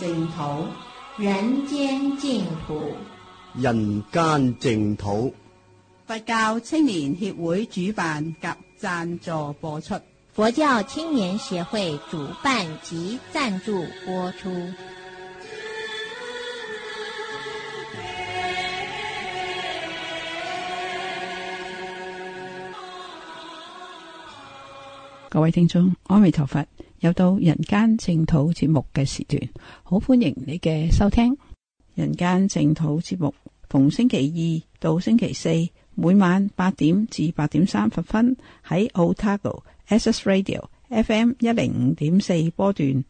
淨土，人間淨土。人間淨土。佛教青年協會主辦及贊助播出。佛教青年協會主辦及贊助播出。各位聽眾，阿彌陀佛，又到人間淨土節目嘅時段，好歡迎你嘅收聽。人間淨土節目逢星期二到星期四，每晚八點至八點三十分喺 Otago SS Radio FM 一零五點四波段，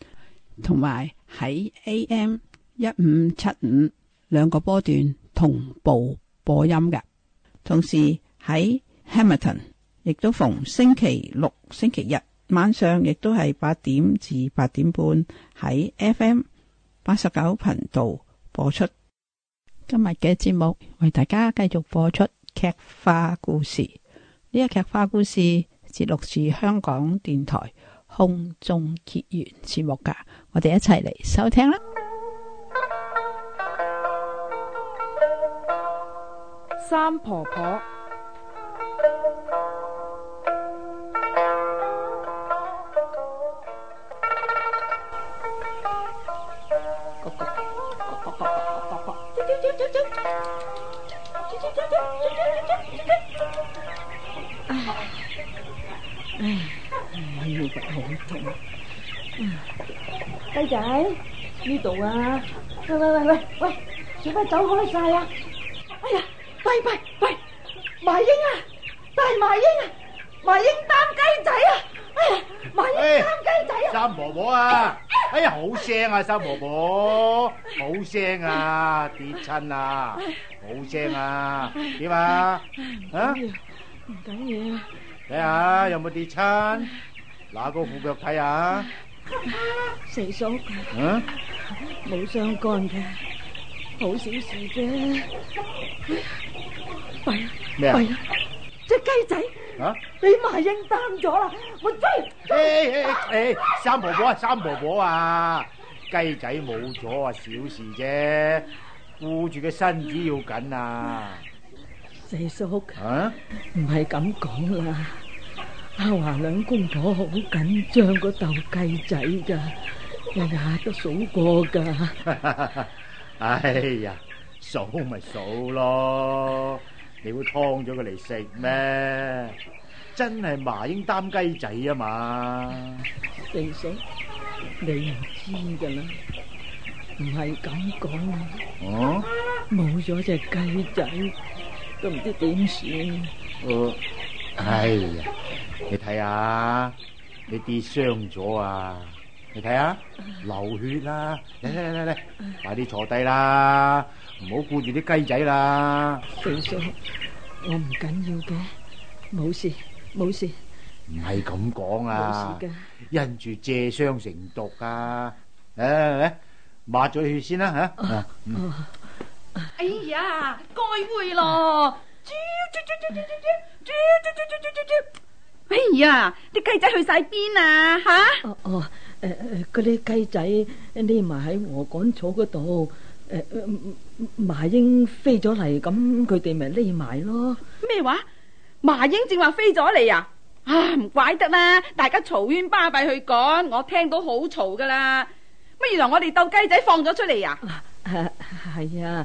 同埋喺 AM 一五七五兩個波段同步播音㗎，同時喺 Hamilton。亦都逢星期六、星期日晚上，上，亦都係八點至八點半喺 FM 八十九頻道播出。今日嘅節目為大家繼續播出劇化故事。呢個劇化故事節錄自香港電台空中結緣節目噶，我哋一齊嚟收聽啦。三婆婆。仔呢度啊！喂喂喂喂喂，小咪走開晒啊！哎呀，喂喂喂，麻鷹啊，大麻鷹啊，麻鷹擔雞仔啊！哎呀，麻鷹擔雞仔啊！三婆婆啊！哎呀，好聲啊，三婆婆，好聲啊，跌親啊，好聲啊，點啊？啊？唔緊要啊。睇下，有冇跌親？拿個褲腳睇下。四叔，冇、啊、相干嘅，好小事啫。喂，咩啊？喂，隻雞仔，你賣、啊、應單咗啦！我追，追、欸欸欸三婆婆。三婆婆啊，三婆婆啊，雞仔冇咗啊，小事啫，護住個身子要緊啊。四叔，唔係咁講啦。阿華兩公婆好緊張個鬥雞仔噶，日日都數過噶。 哎呀，數咪數咯，你會劏咗佢嚟食咩？真係麻英擔雞仔啊嘛！四嫂，你唔知噶啦，唔係咁講啊。哦。冇咗隻雞仔，都唔知點算。呃哎呀，你睇下你跌傷咗啊！你睇下流血啦！嚟嚟嚟嚟，快啲坐低啦！唔好顧住啲雞仔啦。叔叔，我唔緊要嘅，冇事冇事。唔係咁講啊，因住借傷成毒啊！哎，抹咗血先啦吓。哎呀，該會咯。叫叫叫叫叫叫叫叫叫叫叫叫！哎呀，啲雞仔去晒邊啊？吓！哦哦，誒誒，嗰啲雞仔匿埋喺禾稈草嗰度，誒，麻鷹飛咗嚟，咁佢哋咪匿埋咯。咩話？麻鷹正話飛咗嚟啊！啊，唔怪得啦，大家嘈冤巴閉去講，我聽到好嘈㗎喇。乜原來我哋鬥雞仔放咗出嚟呀？係啊。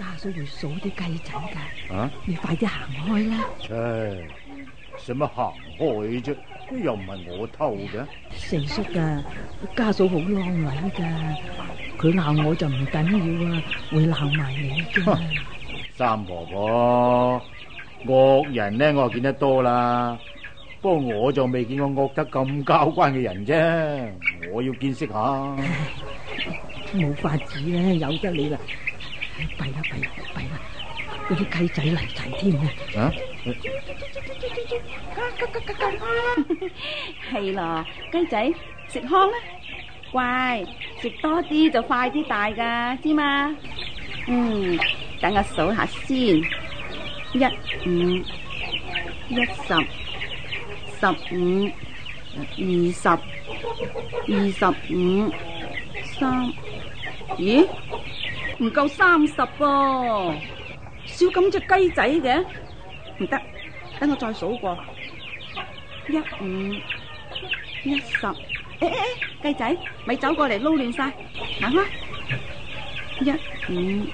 家嫂要數啲雞仔噶，啊、你快啲行開啦！唉，使乜行開啫？又唔係我偷嘅。四叔啊，家嫂好囉里噶，佢鬧我就唔緊要啊，會鬧埋你啫。三婆婆，惡人咧我見得多啦，不過我就未見過惡得咁交關嘅人啫，我要見識下。冇 法子啦、啊，由得你啦。弊啦弊啦弊啦！嗰啲雞仔嚟仔添啊！吓，係咯，雞仔食糠啦，乖，食多啲就快啲大㗎，知嘛？嗯，等我數下先，一五一十十五二十二十五三，咦、欸？唔夠三十噃，少咁隻雞仔嘅。唔得，等我再數過，一五一十，誒誒誒，雞仔咪走過嚟撈亂晒，行開，一五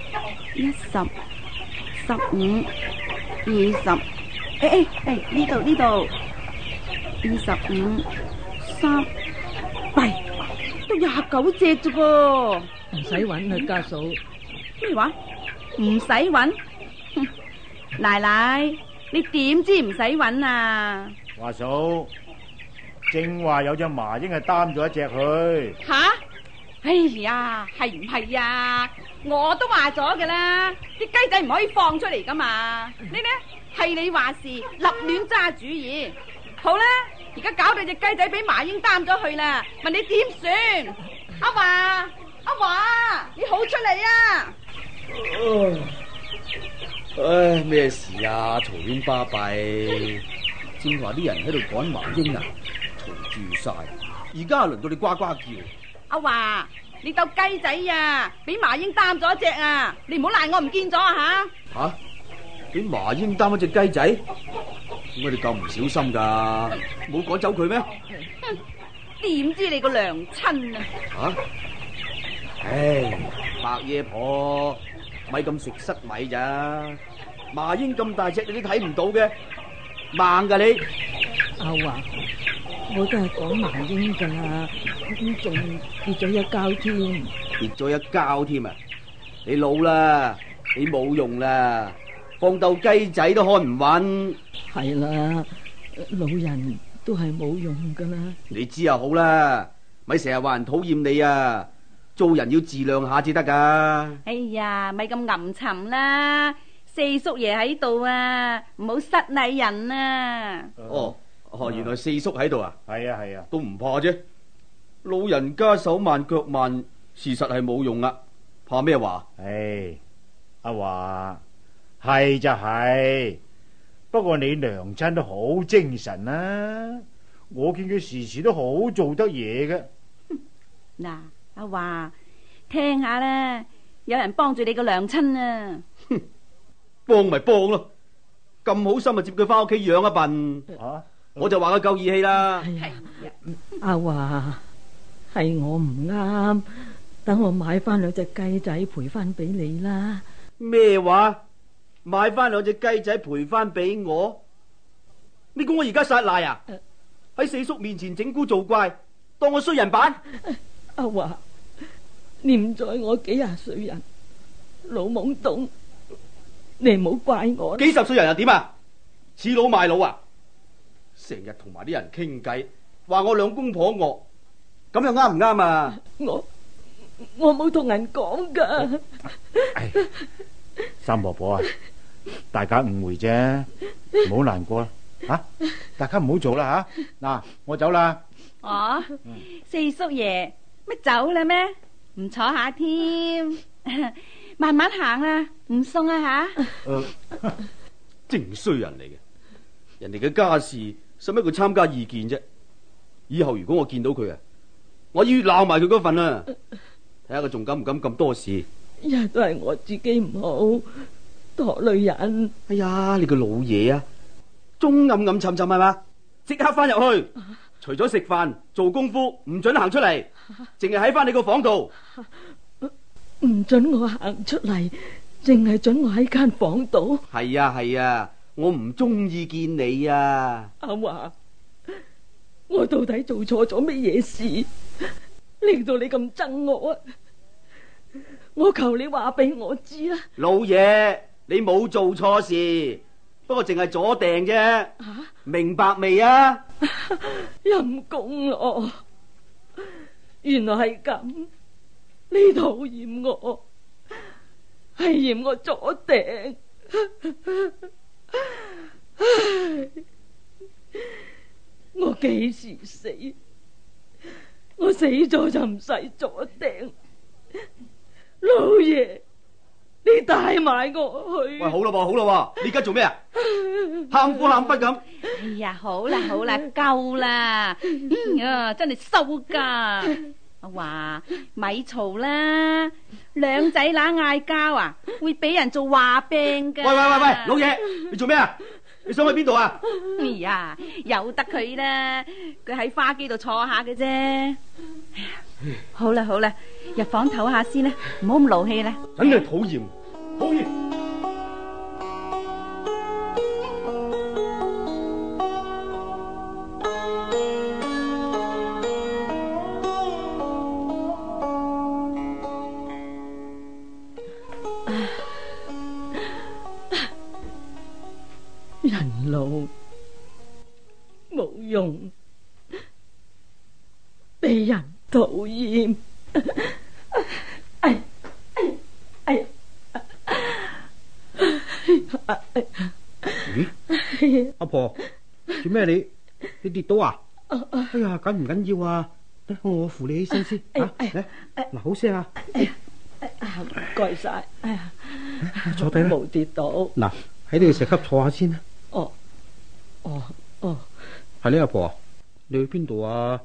一十，十五二十，誒誒誒，呢度呢度，二十五三，喂，都廿九隻啫噃，唔使搵佢家嫂。咩話唔使揾？ 奶奶，你點知唔使揾啊？華嫂，正話有隻麻鷹係擔咗一隻去。吓、啊！哎呀，係唔係啊？我都話咗噶啦，啲雞仔唔可以放出嚟噶嘛。你呢？係你話事立亂揸主意。好啦，而家搞到隻雞仔俾麻鷹擔咗去啦，問你點算？阿華，阿華，你好出嚟啊！唉，咩事啊？嘈喧巴閉，正話啲人喺度趕麻鷹啊，嘈住晒。而家輪到你呱呱叫。阿華，你斗雞仔啊？俾麻鷹擔咗隻啊！你唔好賴我唔見咗啊吓！吓？俾麻鷹擔咗隻雞仔？點解你咁唔小心噶？冇趕走佢咩？點知你個娘親啊？吓？唉，白夜婆。咪咁食塞米咋？麻英咁大隻，你都睇唔到嘅，猛噶你！阿華、啊，我都係講麻英噶，我仲跌咗一跤添。跌咗一跤添啊！你老啦，你冇用啦，放斗雞仔都開唔穩。係啦，老人都係冇用噶啦。你知又好啦，咪成日話人討厭你啊！做人要自量下至得噶。哎呀，咪咁吟沉啦！四叔爺喺度啊，唔好失禮人啊。哦哦，原來四叔喺度啊。係啊係啊，啊都唔怕啫。老人家手慢腳慢，事實係冇用啊。怕咩話？唉、哎，阿華係就係、是，不過你娘親都好精神啦、啊。我見佢時時都好做得嘢嘅。嗱。 阿華，聽下啦，有人幫住你個娘親啊！哼 幫咪幫咯，咁好心啊，接佢翻屋企養一笨，啊、我就話佢夠義氣啦。係阿華，係我唔啱，等我買翻兩隻雞仔賠翻俾你啦。咩話？買翻兩隻雞仔賠翻俾我？你估我而家殺賴啊？喺、呃、四叔面前整蠱做怪，當我衰人版？呃阿華，念在我幾廿歲人老懵懂，你唔好怪我。幾十歲人又點啊？似老賣老啊！成日同埋啲人傾偈，話我兩公婆惡，咁又啱唔啱啊？我我冇同人講噶。三婆婆 啊，大家誤會啫，唔好難過啦。吓，大家唔好做啦吓。嗱，我走啦。哦，四叔爺。乜走啦咩？唔坐下添， 慢慢行啦，啊，唔送啊吓！正、啊、衰、呃、人嚟嘅，人哋嘅家事使乜佢參加意見啫？以後如果我見到佢啊，我要鬧埋佢嗰份啊！睇下佢仲敢唔敢咁多事？一切、呃、都係我自己唔好多累人。哎呀，你個老嘢啊，中暗暗沉沉係嘛？即刻翻入去，除咗食飯做功夫，唔准行出嚟。淨係喺翻你個房度，唔准我行出嚟，淨係准我喺間房度。係啊係啊，我唔中意見你啊。阿華，我到底做錯咗乜嘢事，令到你咁憎我啊？我求你話俾我知啦。老嘢，你冇做錯事，不過淨係阻掟啫。啊、明白未啊？陰公咯。原來係咁，你討厭我，係嫌我阻頂。 我幾時死？我死咗就唔使阻頂，老爺。你帶埋我去？喂，好啦，好啦，你而家做咩啊？喊苦喊忽咁。哎呀，好啦，好啦，夠啦，啊， 真係收㗎。我話咪嘈啦，兩仔乸嗌交啊，會俾人做話柄噶。喂喂喂喂，老爺，你做咩啊？你想去邊度啊？哎呀，由得佢啦，佢喺花機度坐下嘅啫。 好啦，好啦。入房唞下先啦，唔好咁勞氣啦。真係討厭，討厭。人老冇用，被人討厭。哎哎哎！阿婆做咩你？你跌到啊？哎呀，緊唔緊要啊？我扶你起身先。嗱，好聲啊！唔該晒。哎哎、坐低冇跌到。嗱，喺呢個石級坐下先啦，哦。哦哦哦。係呢阿婆？你去邊度啊？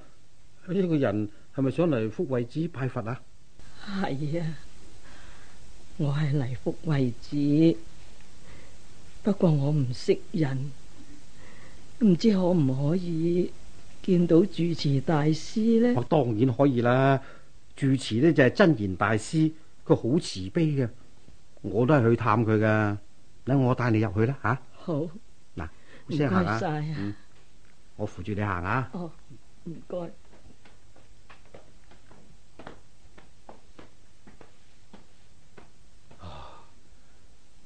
呢，呢個人係咪想嚟福慧寺拜佛啊？係啊，我係嚟福慧子，不過我唔識人，唔知可唔可以見到住持大師呢？我當然可以啦，住持呢就係真言大師，佢好慈悲嘅，我都係去探佢噶。等我帶你入去啦，吓？好，嗱，唔該晒啊謝謝、嗯，我扶住你行啊，哦，唔該。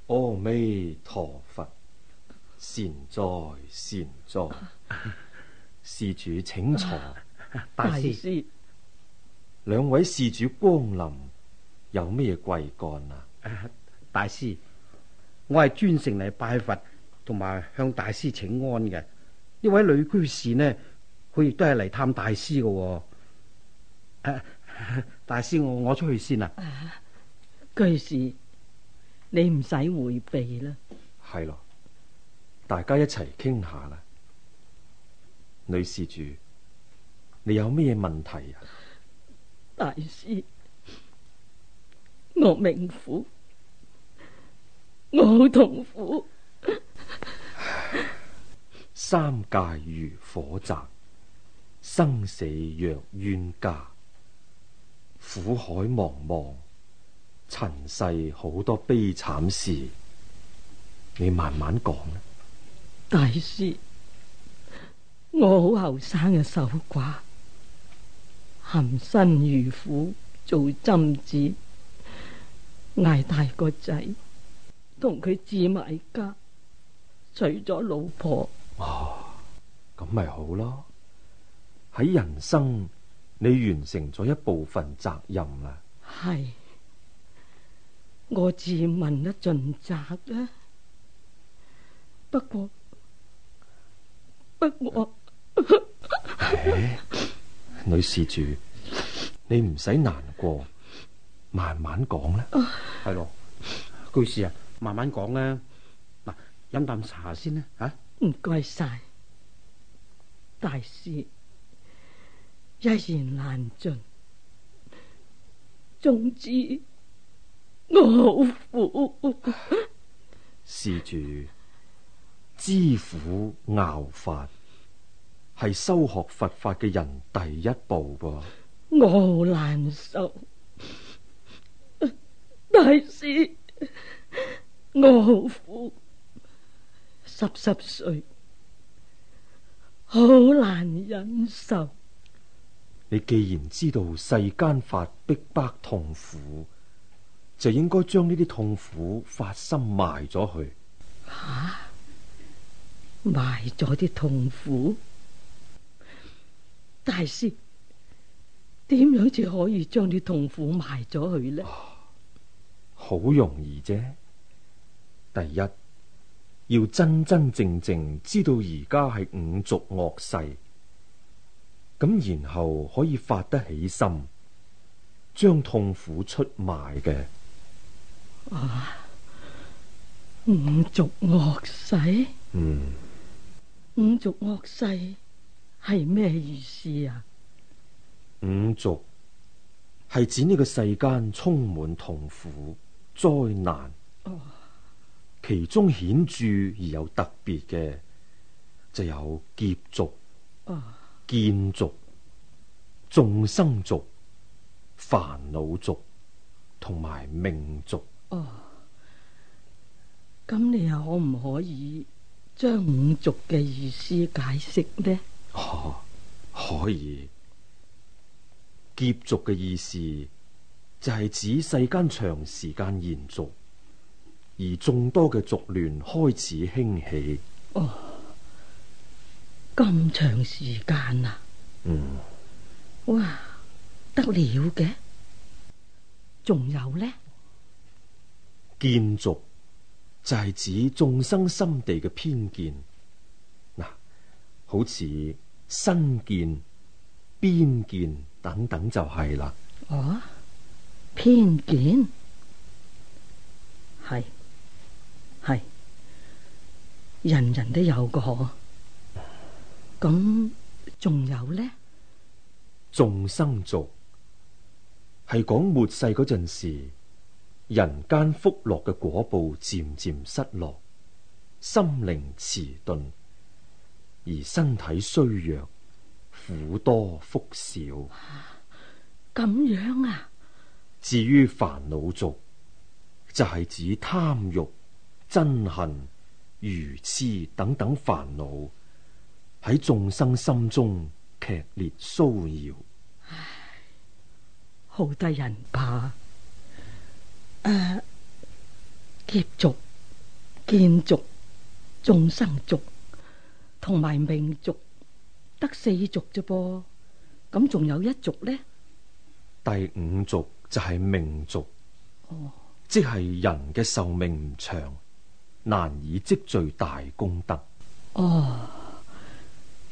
阿彌陀佛，善哉善哉，啊、施主請坐。大師，兩位施主光臨，有咩貴幹啊？大師，我係專程嚟拜佛，同埋向大師請安嘅。呢位女居士呢，佢亦都係嚟探大師嘅、啊啊。大師，我我出去先啊。居士。你唔使回避啦，係咯，大家一齊傾下啦。女施主，你有咩問題啊？大師，我命苦，我好痛苦。 三界如火宅，生死若冤家，苦海茫茫。塵世好多悲慘事，你慢慢講。大師，我好後生嘅守寡，含辛茹苦做針子，挨大個仔，同佢置埋家，娶咗老婆。哦，咁咪好咯。喺人生，你完成咗一部分責任啦。係。我自問得盡責啦，不過不過，女事主，你唔使難過，慢慢講啦。係咯，居士啊，慢慢講啦。嗱，飲啖茶先啦。吓，唔該晒。大師一言難盡，總之。我好苦，施主，知苦熬法係修學佛法嘅人第一步噃。我好難受，大師，我好苦，濕濕碎，好難忍受。你既然知道世間法逼迫痛苦，就應該將呢啲痛苦發心埋咗去。吓、啊，埋咗啲痛苦，大師點樣先可以將啲痛苦埋咗佢呢？好、啊、容易啫！第一要真真正正知道而家係五族惡世，咁然後可以發得起心，將痛苦出賣嘅。啊！五濁惡世，嗯，五濁惡世係咩意思啊？五濁係指呢個世間充滿痛苦災難，啊、其中顯著而有特別嘅就有劫濁、啊、見濁、眾生濁、煩惱濁同埋命濁。哦，咁你又可唔可以將五族嘅意思解釋呢？哦，可以。劫族嘅意思就係指世間長時間延續，而眾多嘅族聯開始興起。哦，咁長時間啊！嗯，哇，得了嘅，仲有呢？見濁就係指眾生心地嘅偏見，嗱，好似身見、邊見等等就係啦。哦，偏見係係人人都有噶，咁仲有呢？眾生濁係講末世嗰陣時。人間福樂嘅果報漸漸失落，心靈遲鈍，而身體衰弱，苦多福少。咁、啊、樣啊？至於煩惱族，就係、是、指貪慾、憎恨、愚痴等等煩惱喺眾生心中劇烈騷擾，好得人怕。誒，uh, 劫濁、見濁、眾生濁同埋命濁，得四濁啫噃？咁仲有一濁呢？第五濁就係命濁，哦、即係人嘅壽命唔長，難以積聚大功德。哦，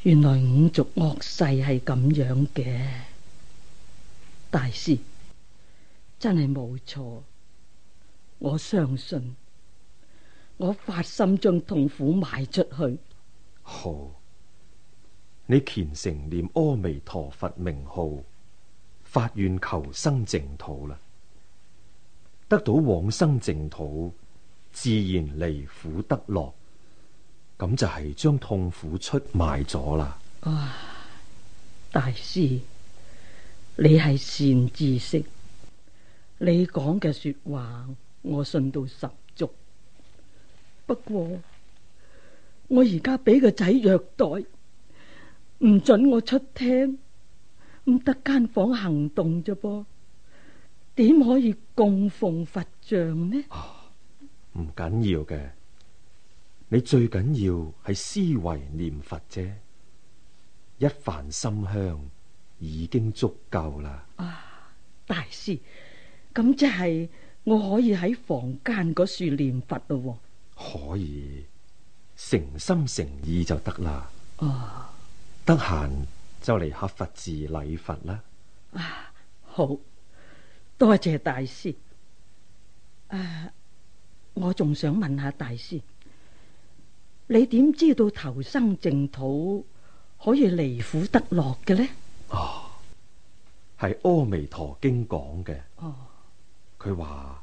原來五濁惡世係咁樣嘅，大師真係冇錯。我相信我發心將痛苦賣出去。好，你虔誠念阿彌陀佛名號，發願求生淨土啦，得到往生淨土，自然離苦得樂。咁就係將痛苦出賣咗啦。哇、啊！大師，你係善知識，你講嘅說話。我信到十足，不過我而家俾個仔虐待，唔准我出廳，唔得間房行動啫啵？點可以供奉佛像呢？唔緊要嘅，你最緊要係思維念佛啫，一瓣心香已經足夠啦。啊，大師，咁即係。我可以喺房間嗰處念佛咯。哦，可以誠心誠意就得啦。啊、哦，得閒就嚟下佛寺禮佛啦。啊，好，多謝大師。啊，我仲想問下大師，你點知道投生淨土可以離苦得樂嘅呢？哦，係《阿彌陀經》講嘅。哦。佢話：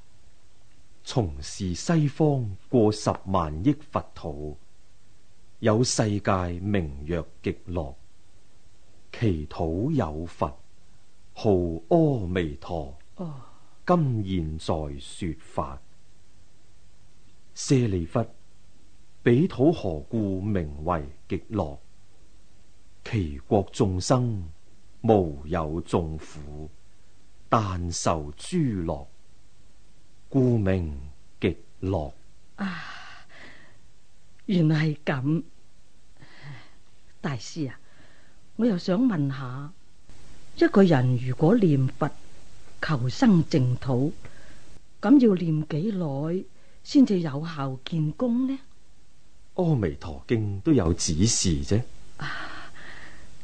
從事西方過十萬億佛土，有世界名曰極樂，其土有佛號阿彌陀，今現在說法。舍利弗，彼土何故名為極樂？其國眾生無有眾苦，但受諸樂，故名極樂啊！原來係咁，大師啊，我又想問下，一個人如果念佛求生淨土，咁要念幾耐先至有效見功呢？阿彌陀經都有指示啫。啊，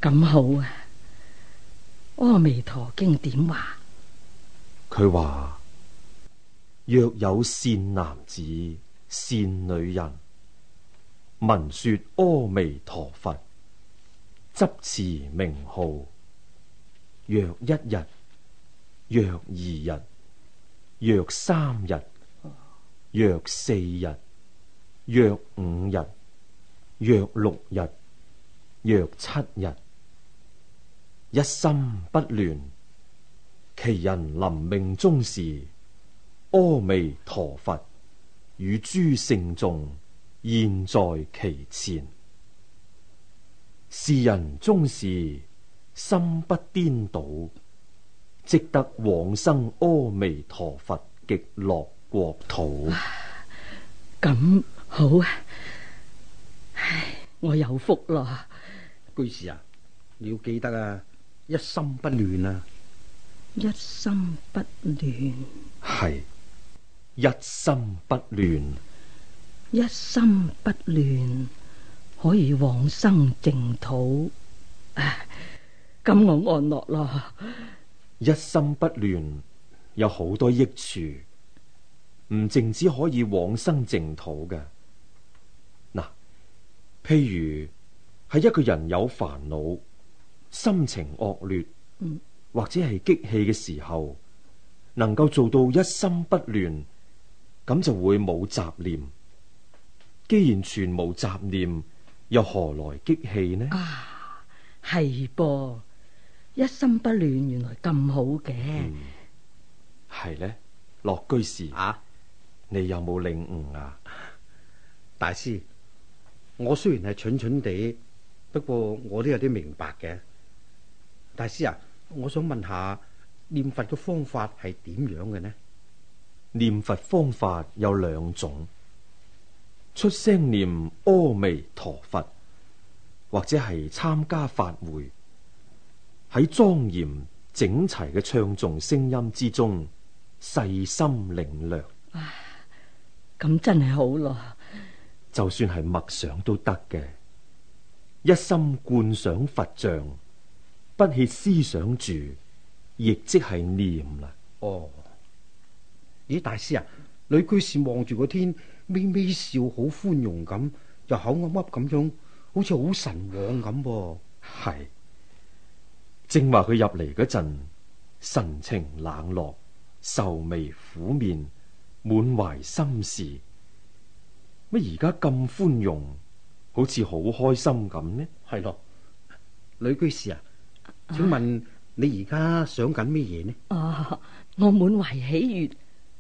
咁好啊！阿彌陀經點話？佢話。若有善男子、善女人，聞說阿彌陀佛，執持名號，若一日、若二日、若三日、若四日、若五日、若六日、若七日，一心不亂，其人臨命終時。阿彌陀佛，與諸聖眾現在其前。是人終時心不顛倒，即得往生阿彌陀佛極樂國土。咁好啊！唉，我有福啦！居士啊，你要記得啊，一心不亂啊，一心不亂係。一心不亂，一心不亂可以往生淨土。咁我安樂啦。老老老，一心不亂有好多益處，唔淨只可以往生淨土嘅。嗱，譬如係一個人有煩惱、心情惡劣，或者係激氣嘅時候，能夠做到一心不亂，咁就會冇雜念，既然全冇雜念，又何來激氣呢？啊，係噃，一心不亂，原來咁好嘅，係呢、嗯，樂居士啊，你有冇領悟啊？大師，我雖然係蠢蠢地，不過我都有啲明白嘅。大師啊，我想問下念佛嘅方法係點樣嘅呢？念佛方法有兩種，出聲念阿彌陀佛，或者係參加法會，喺莊嚴整齊嘅唱誦聲音之中細心領略。咁、啊、真係好咯，就算係默想都得嘅，一心觀想佛像，不怯思想住，亦即係念啦。哦。咦，大師啊！女居士望住個天，微微笑，好寬容咁，又口嗡嗡咁樣，好似好神往咁。係，正話佢入嚟嗰陣，神情冷落，愁眉苦面，滿懷心事。乜而家咁寬容，好似好開心咁呢？係咯的，女居士啊，請問你而家想緊咩嘢呢？哦、呃，我滿懷喜悅。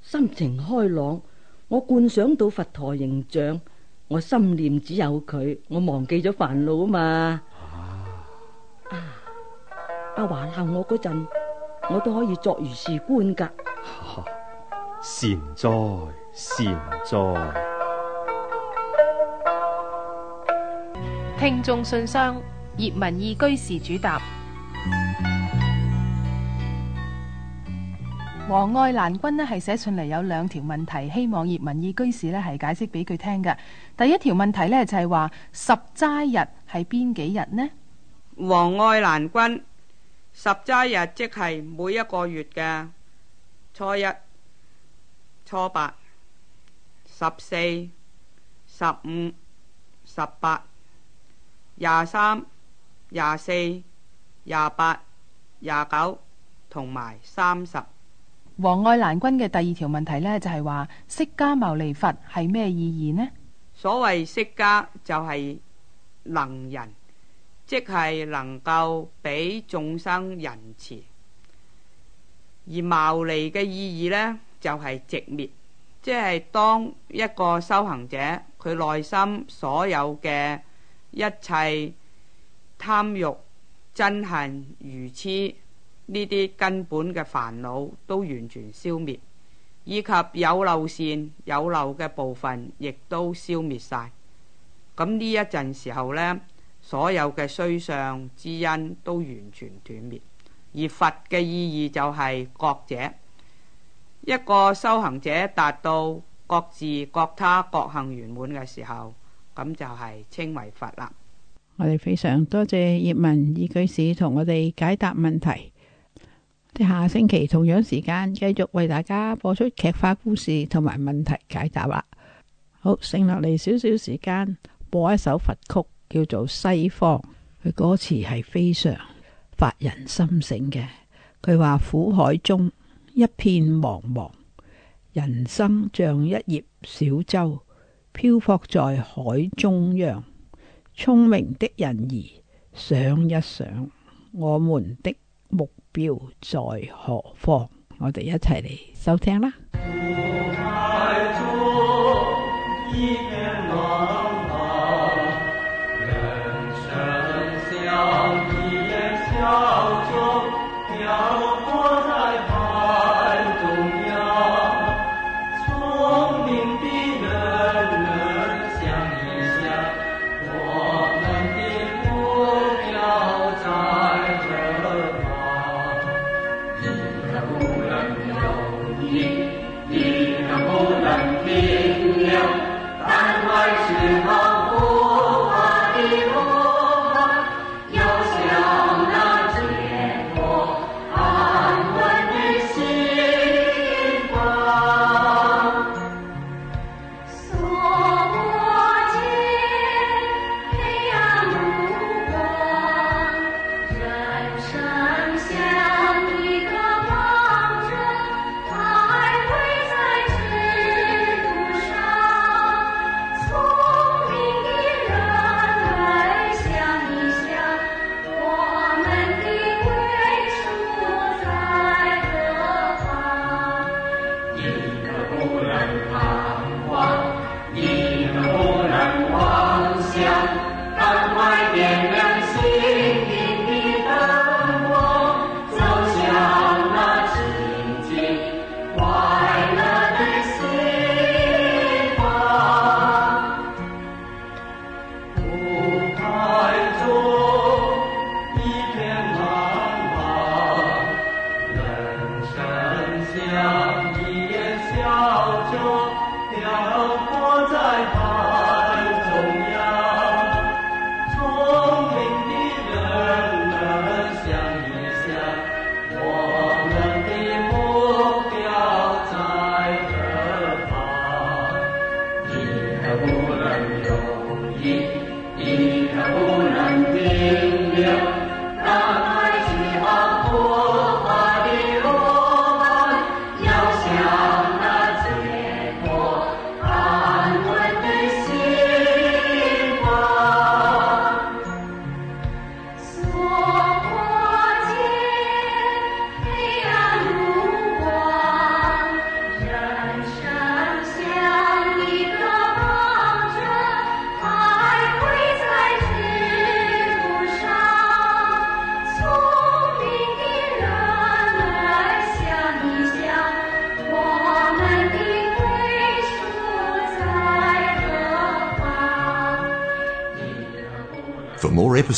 心情開朗，我觀想到佛陀形象，我心念只有佢，我忘記咗煩惱嘛啊嘛、啊。啊，阿華鬧我嗰陣，我都可以作如是觀噶。善哉善哉。聽眾信箱，葉文義居士主答。嗯嗯黃愛蘭君咧係寫出嚟，有兩條問題，希望葉文義居士咧係解釋俾佢聽嘅。第一條問題呢，就係話十齋日係邊幾日呢？黃愛蘭君，十齋日即係每一個月嘅初一、初八、十四、十五、十八、廿三、廿四、廿八、廿九同埋三十。王愛蘭君嘅第二條問題呢，就係話釋迦牟尼佛係咩意義呢？所謂釋迦就係能人，即係能夠俾眾生仁慈。而牟尼嘅意義呢，就係、是、寂滅，即係當一個修行者佢內心所有嘅一切貪欲、憎恨如、愚癡。呢啲根本嘅煩惱都完全消滅，以及有漏線、有漏嘅部分亦都消滅晒。咁呢一陣時候呢，所有嘅衰相之因都完全斷滅。而佛嘅意義就係覺者，一個修行者達到各自、各他、各行圓滿嘅時候，咁就係稱為佛啦。我哋非常多謝，謝葉文以居士同我哋解答問題。下星期同樣時間繼續為大家播出劇化故事同埋問題解答啦。好，剩落嚟少少時間，播一首佛曲，叫做《西方》，佢歌詞係非常發人深省嘅。佢話苦海中一片茫茫，人生像一葉小舟漂泊在海中央。聰明的人兒想一想我們的。目標在何方？我哋一齊嚟收聽啦。